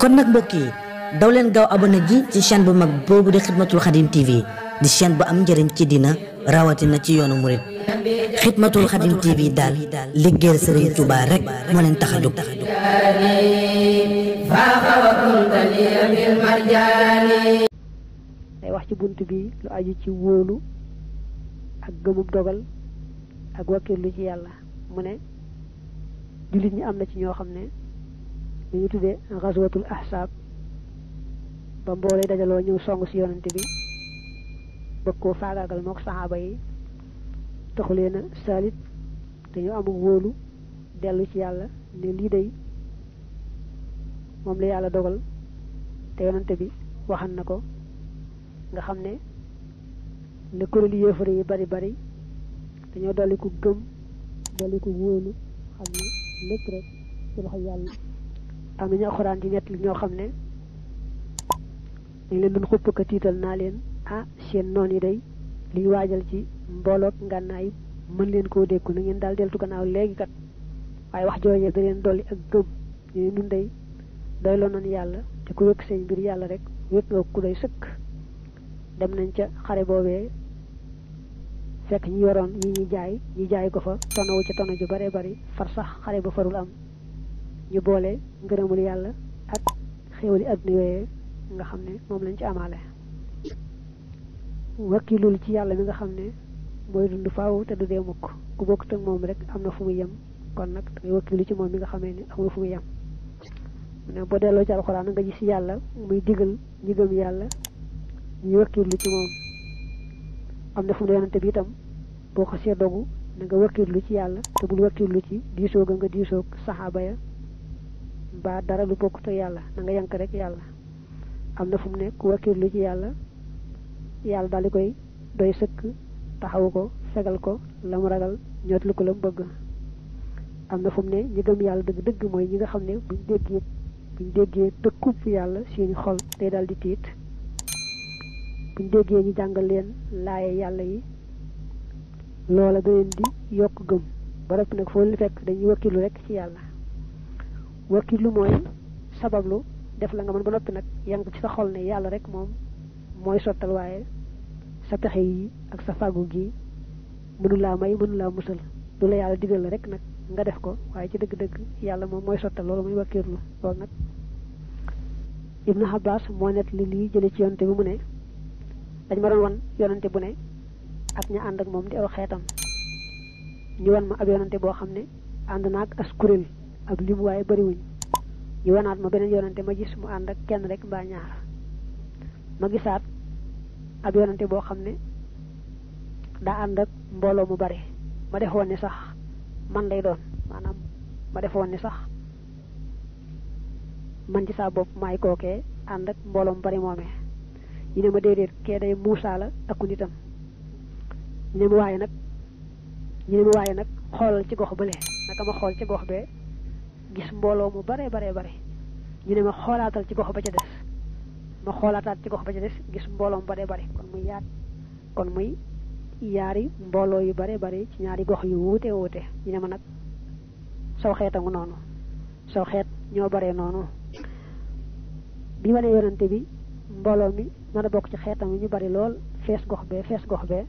kon nak mbokk daw len gaw abonné ji ci chaîne bu mag bobu de khidmatul khadim tv di chaîne bu am njëriñ ci dina na ci yoonu mourid khidmatul khadim tv dal liggéeyal serigne touba rek moo leen tax a jóg day wax ci buntu bi lu aji ci wolu ak gëmub dogal ak wakkilu ci yalla mu ne julit ñi am na ci ño xamne bi ñu tuddee xaswatul ahsaab ba mboolee dajaloo ñëw song si yonante bi bëgg koo faagaagal mook saxaaba yi taxu leen a saalit dañu amul wóolu dellu ci yàlla ne lii day moom la yàlla dogal te yonante bi waxan na ko nga xam ne le kuréelu yéefar yi bari bari dañoo dolli ko gëm dolli ko wóolu xam ne lépp rek ci loxo yàlla am nañu alxuraan di nett li ñoo xam ne dañ leen doon xupp ko tiital naa leen ah seen noon yi day li ñu waajal ci mbooloog ngànnaay mën leen koo dékku na ngeen daal deltu gannaaw léegi kat waaye wax joojee da leen dolli ak gëm ñu nun day doy loo yàlla te ku wékk seen mbir yàlla rek wékk nga ku doy sëkk dem nañ ca xare boobee fekk ñi yoroon ñi ñuy jaay ñu jaay ko fa tonawu ca tono ju bare bari far sax xare ba farul am ñu boole ngërëmul yàlla ak xéewali adduna yooyee nga xam ne moom lañ ci amaale wakkilul ci yàlla mi nga xam ne mooy dund faaw te du dee mukk ku bokkut ak moom rek am na fu mu yem kon nag dangay wakkilu ci moom mi nga xamee ne amul fu mu yem mu ne boo delloo ci alxuraan nga gis yàlla muy digal ñi yàlla ñuy wakkilu ci moom am na fu mu ne yonante bi itam boo xasee dogu na nga wakkilu ci yàlla te bul wakkilu ci diisoo ga nga diisoog saxaaba ya baa dara lu bokkut yàlla na nga yank rek yàlla am na fu mu nekk wakiirlu ci yàlla yàlla daal koy doy sëkk taxawu ko segal ko la mu ragal ñootlu ko la mu bëgg am na fu mu ne ñi gëm yàlla dëgg-dëgg mooy ñi nga xam ne buñ déggee buñ déggee yàlla seen xol day daal di tiit buñ déggee ñu jàngal leen laaye yàlla yi loola da leen di yokk gëm ba nag foo lu fekk dañuy wakiirlu rek ci yàlla wakilu mooy sabablu def la nga man ba nopi nak yang ci sa xol ne yalla rek mom moy sotal waye sa pexe yi ak sa fagu gi mënu la may mënu la musal du la yalla digal rek nak nga def ko waye ci deug deug yalla mom moy sotal lolu muy wakiirlu lol nak ibn abbas mo net li li jële ci yonte bi mu ne dañ ma won bu ne ak ña and ak mom di aw ñu won ma ab bo xamne and nak askurel ak lim waaye bari wuñ ñu wanaat ma beneen yonante ma gis mu ànd ak kenn rek mbaa ñaar ma gisaat ab yonante boo xam ne daa ànd ak mbooloo mu bari ma defoon ne sax man lay doon maanaam ma defoon ne sax man ci saa bopp maay kookee ànd ak mbooloo mu bari moomee ñu ne ma déedéet kee day muusaa la ak nitam ñu ne ma waaye nag ñu ne ma waaye nag xoolal ci gox bële naka ma xool ci gox bee gis mbolo mu bare bare bare ñu ne ma xoolaatal ci gox ba ca des ma xoolaataat ci gox ba ca des gis mbolo mu bare bare kon muy yaat kon muy yaari mbooloo yu bare bare ci ñaari gox yu wuute wuute ñu ne ma nag saw xeetangu noonu saw xeet ñoo bare noonu bi wane yonante bi mbolo mi nar a bokk ci xeetam yi ñu bari lool fees gox be fees gox bee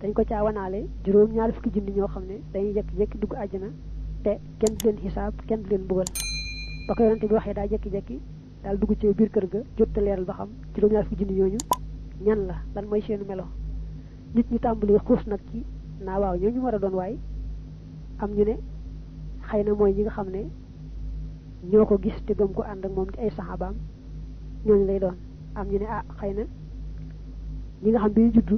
dañ ko caa wanaale juróom ñaar fukki junni ñoo xam ne te kenn du leen xisaab kenn du leen mbugal ba ko yonante bi waxee daa jekki-jekki daal dugg ci biir kër ga jotta leeral ba xam juróom-ñaar fukki junni ñooñu ñan la lan mooy seenu melo nit ñi tàmbali xuus nag ci naa waaw ñooñu war a doon waay am ñu ne xëy na mooy ñi nga xam ne ñoo ko gis te gëm ko ànd ak moom ci ay saxaabaam ñooñu lay doon am ñu ne ah xëy na ñi nga xam bi ñu judd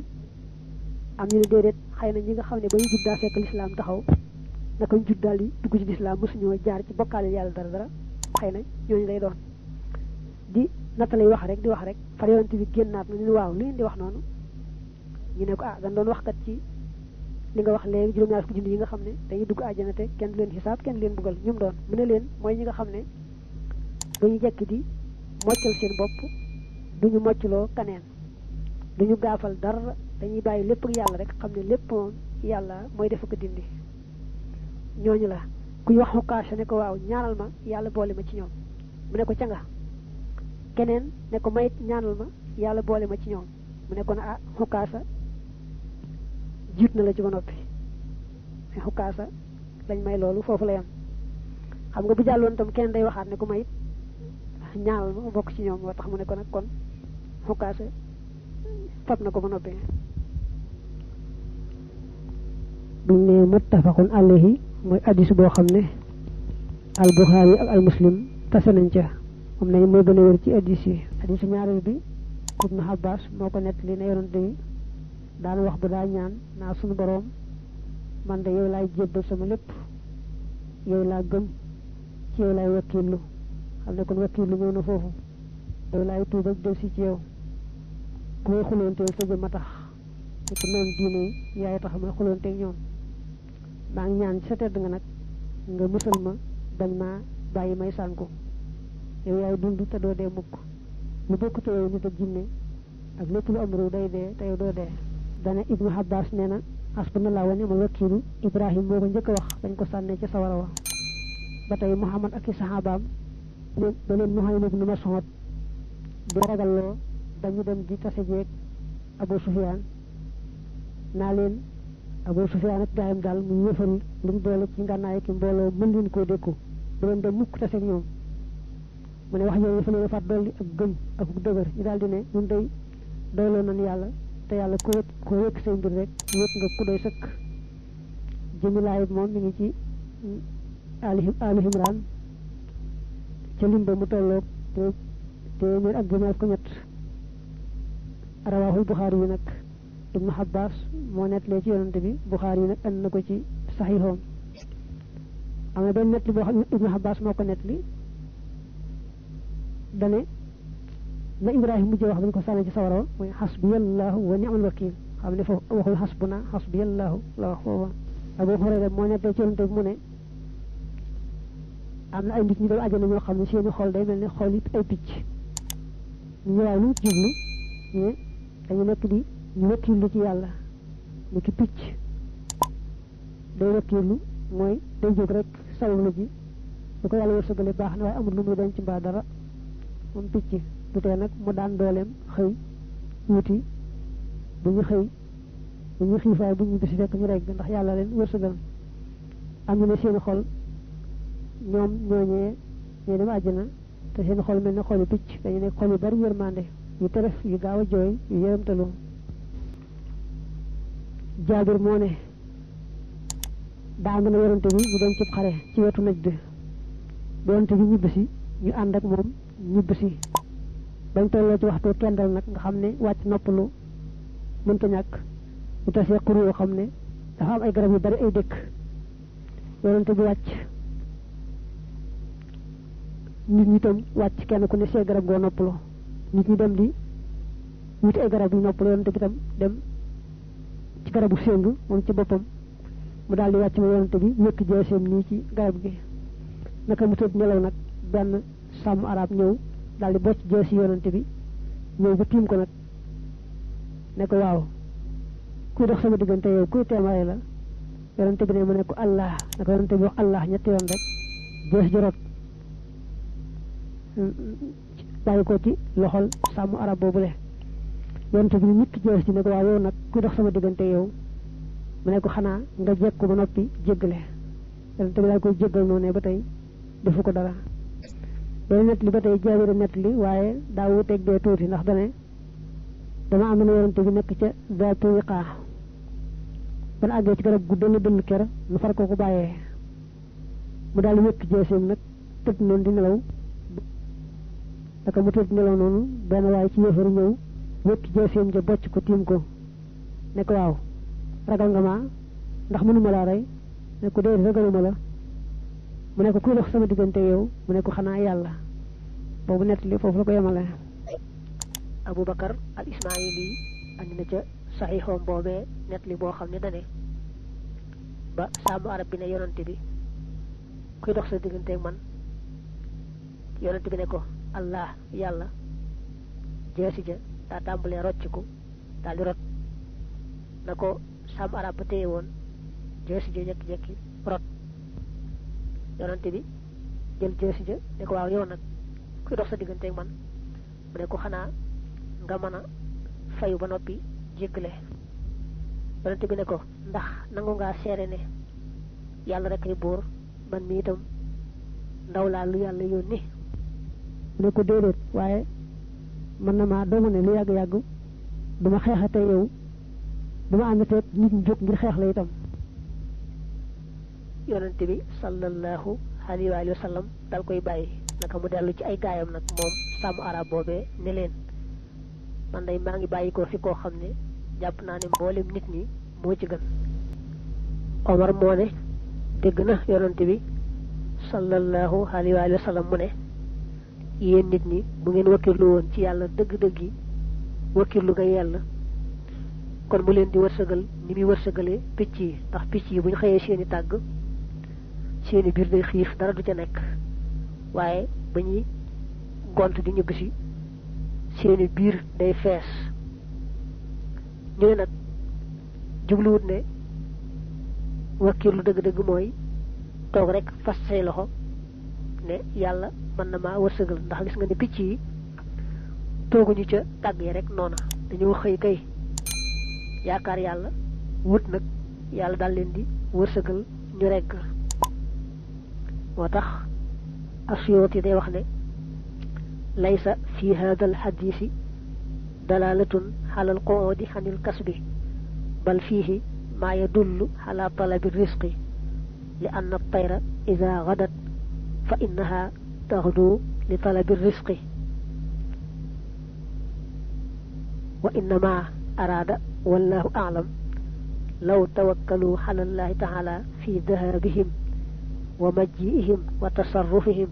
am ñu ne déedéet xëy na ñi nga xam ne ba ñu judd daa fekk lislaam taxaw naka ñu juddal yi dugg ci lislaam musu ñoo jaar ci bokkaale yalla dara dara xeyna ñoo lay doon di nattalay wax rek di wax rek far yoonte bi génnaat na ñu waaw lu di wax noonu ñu ne ko ah dañ doon wax kat ci li nga wax léegi juróom ñaar fukki junni yi nga xam ne dañuy dugg aljana te kenn leen xisaab kenn leen bugal ñum doon mu ne leen mooy ñi nga xam ne dañu jekki di moccal seen bopp duñu moccaloo kaneen duñu gaafal dara dañuy bàyyi lépp ak yàlla rek xam ne lépp moom yàlla mooy ko dindi ñooñu la kuy wax xukkaasa ne ko waaw ñaanal ma yàlla boole ma ci ñoom mu ne ko ca nga keneen ne ko mayit ñaanal ma yàlla boole ma ci ñoom mu ne ko na ah xukkaasa jiit na la ci ba noppi mais xukkaasa lañ may loolu foofu la yam xam nga bu jàlloon tam kenn day waxaat ne ko mayit ñaanal ma bokk ci ñoom moo tax mu ne ko nag kon xukkaasa fab na ko ba noppi buñ ne muttafaqun alayhi mooy addis boo xam ne al buxaari ak al nañ ca moom nañ mooy gën a wér ci addis yi addis ñaareel bi ibnu abbas moo ko nett li na yonent bi daan wax bu daa ñaan naa suñu boroom man de yow lay jébbal sama lépp yow laa gëm ci yow laay wakkiilu xam ne kon wakkiilu ñëw na foofu yow laay tuubal del si ci yow ku may xuloonteel sa jëmm a tax te ci noonu diine yaay tax may xuloonteel ñoom maa ngi ñaan sa tedd nga nag nga musal ma bañ maa bàyyi may sànku yow yaay dund te doo dee mukk lu bokk te yow nit ak jinne ak lépp lu am réew day dee te yow doo dee dana ibnu habbas nee na asbanallah wa ni'mal wakilu ibrahim moo ko njëkk wax dañ ko sànnee ci sawara wa ba tey muhammad ak i sahabaam ba leen muhammad ibnu mas'ud di ragalloo dañu dem di tase jeeg abu sufyan naa leen Abu Sufyaan ak gaayam daal mu yëfal lu boole ci ngànnaay ki mbooloo mën leen koo dékku bu leen dem mukk taseeg ñoom mu ne wax yooyu dafa leen a fat dolli ak gëm ak dëgër ñu daal ne ñun day doyloo nañ yàlla te yàlla ko wét ko wékk say mbir rek wékk nga ku doy sëkk jëmi laayib moom mi ngi ci ali ali imran ca lim mu tolloog te téeméer ak juróom ko ñett rawaahul Buxaari yi nag ibnu abbas moo nettalee ci yonante bi buxaari nag and na ko ci saxiixoom am na benn nettali boo xam ne ibnu abbas moo ko nettali dane na ibrahim mujjee wax bañ ko sànni ci sawara mooy xasbiyallahu wa ni'mal wakil xam ne foofu waxul xasbuna xasbiyallahu la wax foofa abu hurayra moo nettalee ci yonante bi mu ne am na ay nit ñu dem àjjana ñoo xam ne seeni xol day mel ne xol it ay picc ñu waaw lu jublu ñu dañu nekk di wëkkilu ci yàlla ni ki picc day wëkkilu mooy day jóg rek sawlu ji lu ko yàlla wërsëgale baax na waaye amul lu muy denc ci mbaa dara moom picc du tee nag mu daan dooleem xëy wuti bu ñu xëy bu ñu xiifaay bu ñu bisi fekk ñu rek ndax yàlla leen wërsëgal am na ne seen xol ñoom ñooñee ñooy dem àjjana te seen xol mel ni xoli picc dañu ne xol yu bari yërmande yu teref yu gaaw a jooy yu yërëmtalu jaabir mo ne daanu na yorante bi bu dem ci xare ci wetu naj bi doonte bi ñibbisi ñu ànd ak moom ñibbisi bañ tolloo ci waxtu kendal nak nga xamne wacc wàcc mën ta ñak ñu tasee xur yo xamne ne dafa am ay garab yu bari ay dekk yorante bi wacc nit ñi tam wacc kenn ku ne see garab go noppalu nit ñi dem di wuti ay garab yu noppalu yorante bi tam dem ci garabu sengu mom ci bopam mu di wacc mo yonte bi ñëk jëssem ni ci garab gi naka mu tud nelaw nak ben sam arab ñew di bocc jëss yonte bi ñew bu tim ko nak ne ko waaw ku dox sama digante yow ku temaay la yonte bi ne mu ne ko allah naka yonte bi wax allah ñetti yon rek jëss jorot bàyyi ko ci loxol sam arab bobu le yonent bi nit ki jooy si ne ko waa yow nag ku dox sama diggante yow mu ne ko xanaa nga jekku ba noppi jéggale yonent bi daal koy jéggal noonu ne ba tey defu ko dara loolu nett li li waaye daa wuteeg bee tuuti ndax dane na yonent bi nekk ca zaatu wiqaa ban àggee ci garab ker nu far ko ko bàyyee mu daal wékk di nelaw daka mu tëdd noonu benn waaye ci ñëw ñetti jëfëm ja bocc ko tim ko ne ko waaw ragal nga ma ndax mënuma laa ray ne ko déet ragaluma la mu ne ko kuy sama diggante yow mu ne ko xanaa yàlla boobu nettali fofu la ko abu bakar al ismaili andi na ca sahiho bobé nettali boo xam dane ba sabu arab bi ne yonante bi kuy dox sa diggante man yonante bi ne ko allah yalla jeesi daa tàmbalee rocciku daal di rot nako sam arab ba won, woon joosi ja jekki-jekki rot yonante bi jël joosi je ne ko waaw yow nag dox sa ak man mu ne ko xana nga mën fayu ba nopi jéggale yonante bi ne ko ndax nangu nga ya, séré né yalla rek ay bor man mi itam ndaw la lu yalla yoni ne ko mën na maa doomu ne lu yàgg-yàgg du ma xeexate yow du ma ànd teeg nit ñu jóg ngir xeex la itam yonente bi sallallahu alayhi wa sallam dal koy bàyyi naka mu dellu ci ay kaayam nag moom sàmm arab boobee ne leen ngi bàyyi ko koo xam ne jàpp naa ne mboolem nit ñi moo ci gën Omar moo ne dégg na yonente bi sallallahu alayhi wa sallam mu ne yéen nit ñi bu ngeen wakkirlu woon ci yàlla dëgg-dëgg yi wakkirlu nga yàlla kon mu leen di wërsëgal ni muy wërsëgalee picc yi ndax picc yi bu ñu xëyee seeni tàgg seeni biir day xiif dara du ca nekk waaye ba ñuy gont di ñëbb si seeni biir day fees ñu ne nag jubluwut ne wakkirlu dëgg-dëgg mooy toog rek fas say loxo ne yàlla man na ma wërsëgal ndax gis nga ni picci togu ñu ca tagge yi rek noona dañu xëy kay yaakar yàlla wut nak yàlla dal leen di wërsëgal ñu rek motax tax asiyoti day wax ne laysa fi hada alxadisi dalalatun ala alquudi hanil kasbi bal fihi ma yadullu ala talabi risqi لأن الطير إذا غدت فإنها تغدو لطلب الرزق وإنما أراد والله أعلم لو توكلوا على الله تعالى في ذهابهم ومجيئهم وتصرفهم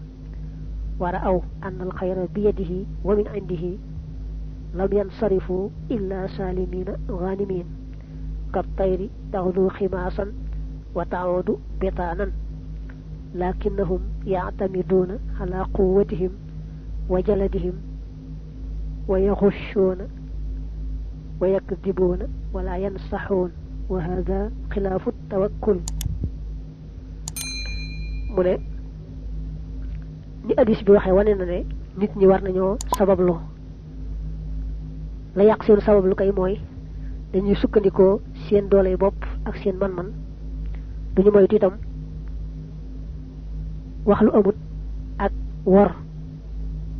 ورأوا أن الخير بيده ومن عنده لم ينصرفوا إلا سالمين غانمين كالطير تغدو خماصا وتعود بطانا لكنهم يعتمدون على قوتهم وجلدهم ويغشون ويكذبون ولا ينصحون وهذا خلاف التوكل mu ne ni hadis bi waxe wane na ne nit ñi war nañoo sabablu la yàq seen sabablu kay mooy dañuy sukkandikoo seen doole bopp ak seen man-man duñu moytu itam wax lu amut ak wor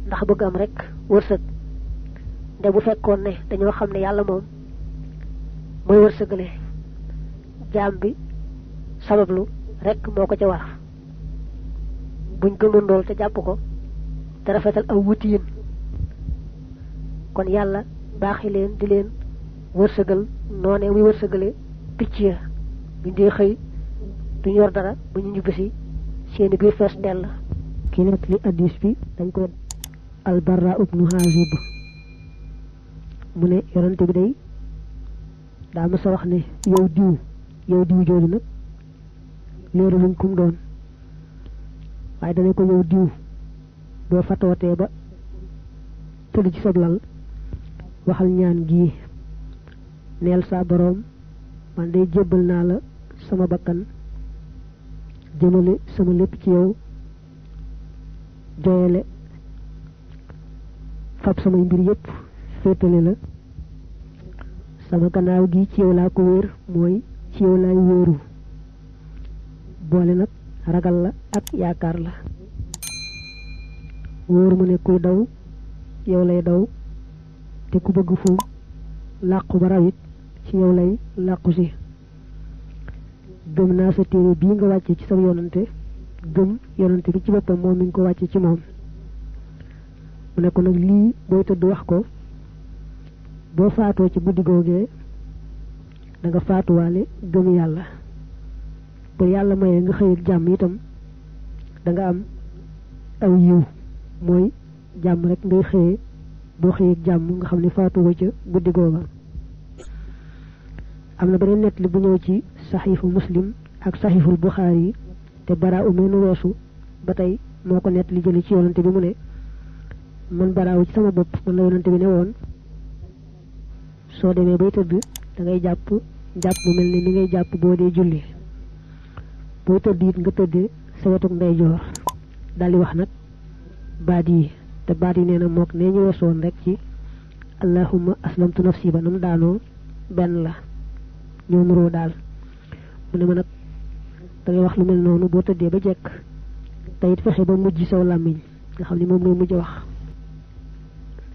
ndax bëgg am rek wërsëg de bu fekkoon ne dañoo xam ne yàlla moom mooy wërsëgale jaam bi sabablu rek moo ko ca war buñ gëmoon lool te jàpp ko te rafetal aw wutiin kon yàlla baaxi leen di leen wërsëgal noone muy wërsëgale picc ya buñ dee xëy duñ yor dara bu ñu ñibbisi seeni biir fees dell li addis bi dañ ko albarra ibnu Haazib mu ne yonante bi day daa mës a wax ne yow diw yow diw jooju nag léeru kum doon waaye dana ko yow diw boo fatootee ba tëdd ci soblal waxal ñaan gi neel saa boroom man day jébbal naa la sama bakkan jëmale sama lépp ci yow joyale fab samay mbir yépp féetale la sama gannaaw gi ci yow laa ko wér mooy ci yow laay wóoru boole nag ragal la ak yaakaar la wóor mu ne kuy daw yow lay daw te ku bëgg fu làqu ba rawit ci yow lay làqu si gëm naa sa téere bii nga wàcce ci sa yonante gëm yonante bi ci boppam moom mi ngi ko wàcce ci moom mu ne ko nag lii booy tëdd wax ko boo faatoo ci guddi googee danga nga faatuwaale gëm yàlla bu yàlla mayee nga xëy ak jàmm itam da am aw yiw mooy jàmm rek ngay xëyee boo xëyee ak jàmm nga xam ne faatuwoo ca guddi googa am na ba nett li bu ñëw ci saxiifu muslim ak saxiiful bukhari te baraaw meenu weesu ba tey moo ko nett li jëli ci yonante bi mu ne man ci sama bopp man la yonante bi ne woon soo demee bay tëdd da ngay jàpp jàpp bu mel ni ngay jàpp boo dee julli boo tëdd it nga tëddee sa ndey daal di wax nag baat yi te baat yi nee na ñu weesoon rek ci allahumma aslamtu nafsi ba nam daanoo benn la ñoo nuroo daal mu ne ma nag da ngay wax lu mel noonu boo tëddee ba jekk te it fexe ba mujj saw làmmiñ nga xam ne moom ngay mujj wax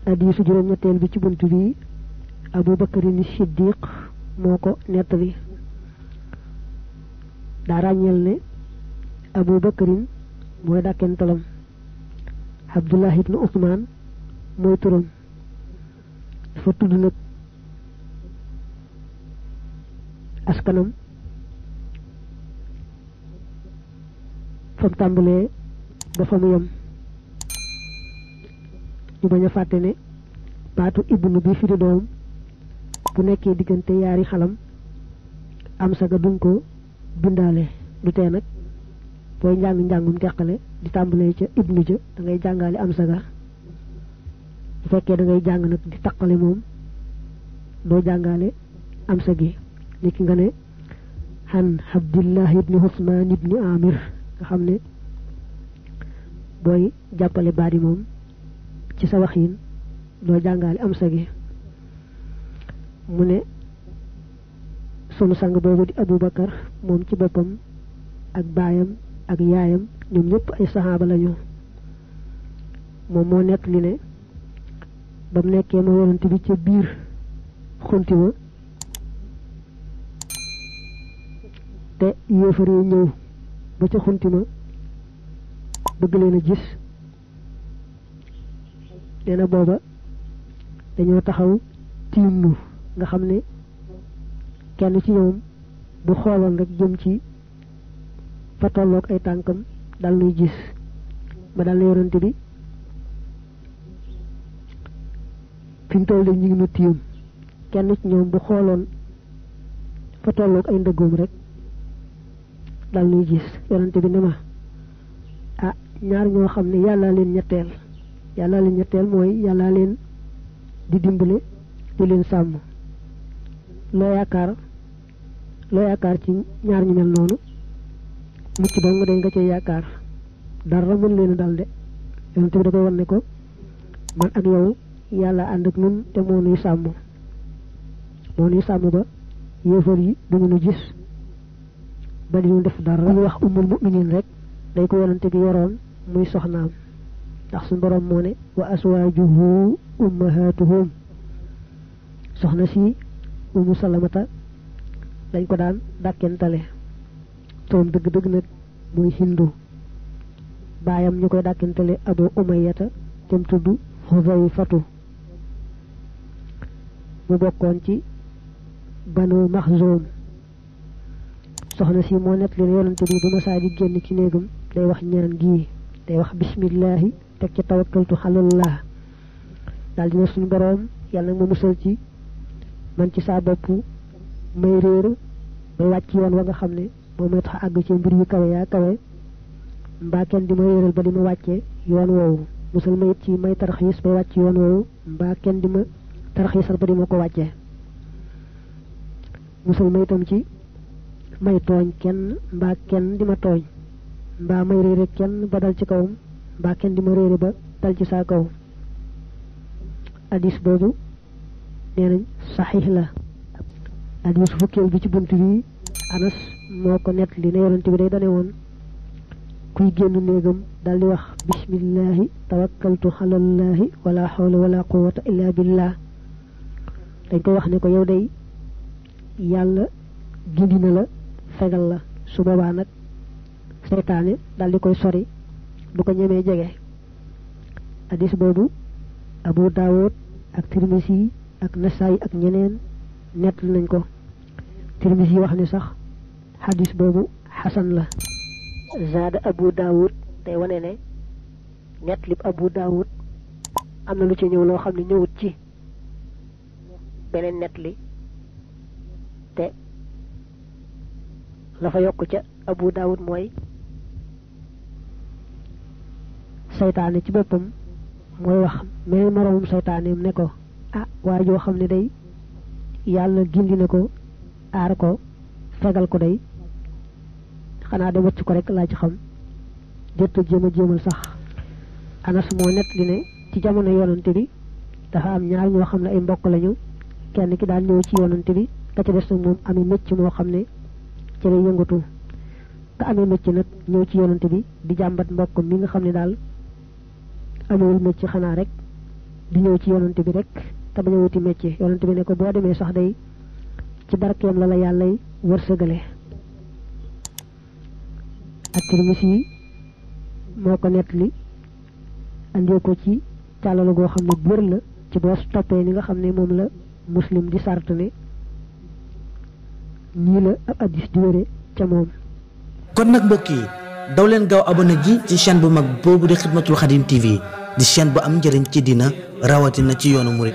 hadiisu juróom ñetteel bi ci bunt bi abu bakarin siddiq moo ko nettali daa ràññeel ne abu bakarin mooy dàkkentelam abdullah ibnu usmaan mooy turam dafa tudd nag askanam fam tambalé ba fa mu yem ñu baña faté né ne ibnu bi fi doom bu nekké digënté yaari xalam am saga duñ ko bindalé du té nak boy jang jangum tékkalé di tambalé ci ibnu ja da ngay jangalé am saga bu fekkee da ngay jang nak di taqale mom do jangalé am sa gi niki nga né han abdullah ibni husman ibn amir nga xam ne booy jàppale baat moom ci sa wax yin doo jàngaale am sa gi mu ne sunu sang boobu di Aboubacar moom ci boppam ak baayam ak yaayam ñoom ñëpp ay saxaaba lañu moom moo nekk li ne ba mu nekkee ma yonent bi ca biir xunti wa te yéefar yi ñëw ba ca xuntima bëgg leen a gis nee na booba dañoo taxaw tiim nu nga xam kenn ci ñoom bu xooloon rek jëm ci fa tolloog ay tànkam dal nuy gis ba dal na yonante bi fiñ toll de ñu ngi nu tiim kenn ci ñoom bu xooloon fa tolloog ay ndëggoom rek dal ñuy gis yonante bi ne ah ñaar ñoo xam ne yàlla leen ñetteel yàlla leen ñetteel mooy yàlla leen di dimbale di leen sàmm loo yaakaar loo yaakaar ci ñaar ñu mel noonu mucc dong day nga cee yaakaar dara mën leen dal de yonante bi da koy wan ko man ak yow yàlla ànd ak nun te moo nuy sàmm moo nuy sàmm ba yéefar yi duñu nu gis ba di ñu def dara ñu wax ummul muminin rek day ko yonante bi yoroon muy soxnaam ndax suñu borom moo ne wa aswaajuhu ummahatuhum soxna si umu salamata lañ ko daan dàkkentale toom dëgg-dëgg nag muy hindu baayam ñu koy dàkkentale abu umayata tem tudd xuzayfatu mu bokkoon ci banu maxzoom soxna si mo nekk li yonent bi bu ma di genn ci néegam day wax ñaan gi day wax bismillah teg ci tawakkaltu xalallah dal dina suñu borom yalla mo musal ci man ci sa bop may réer ba wacc yoon wa nga xamne ne may tax ag ci mbir yu kawé ya kawé mba ken di ma réeral ba di ma wàccee yoon woow musal may ci may taraxis ba wacc yoon woow mba ken di ma taraxisal ba di ma ko wàccee musal may tam ci may tooñ kenn mbaa kenn di ma tooñ mbaa may réere kenn ba dal ci kawam mbaa kenn di ma réere ba dal ci saa kawam hadis boobu nee nañ saxiix la hadis fukkeel bi ci bunt bi anas moo ko nett li ne yonent bi day dane woon kuy génn néegam daal di wax bismillahi tawakkaltu xalallahi wala xawla wala quwata illa billah dañ koy wax ne ko yow day yàlla gindi la fegal la su boba nak setané dal di koy sori du ko ñëmé jégé hadis bobu abu Dawud ak tirmisi ak nasai ak ñeneen nett nañ ko tirmisi wax ni sax hadis bobu Hasan la zada abu Dawud tay wone né net lip abu Dawud amna lu ci ñëw lo xamni ñëwut ci benen te la fa yokk ca abu daawud mooy seytaane ci boppam mooy wax mel moroomum seytaaneem ne ko ah waa joo xam ne day yàlla gindi na ko aar ko fegal ko day xanaa de wacc ko rek laa ci xam jëtt jéem a jéemal sax anas moo nett li ne ci jamono yonante bi dafa am ñaar ñoo xam ne ay mbokk lañu kenn ki daan ñëw ci yonante bi ka ca des nag moom ami mécc moo xam ne ci lay yëngatu ka amee mécc nag ñëw ci yonante bi di jàmbat mbokk mi nga xam ne daal amewul mécc xanaa rek di ñëw ci yonante bi rek te bañ a wuti mécc yonante bi ne ko boo demee sax day ci barkeem la la yàllay wërsëgale at-Tirmisi yi moo ko nettali andee ko ci càllala goo xam ne buur la ci boos toppee ni nga xam ne moom la muslim di sart ne nii la ab kon nag mbëkk yi daw leen abon a ji ci chaîne bu mag boobu de xidmatul xadim tv di chaîne bu am njëriñ ci dina rawatina ci yoonu murit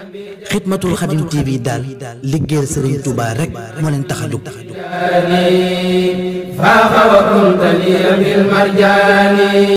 xidmatul xadim tv daal liggéeyal sëriñ Tuubaa rek moo leen tax a jóg faaxa wa kunta li bil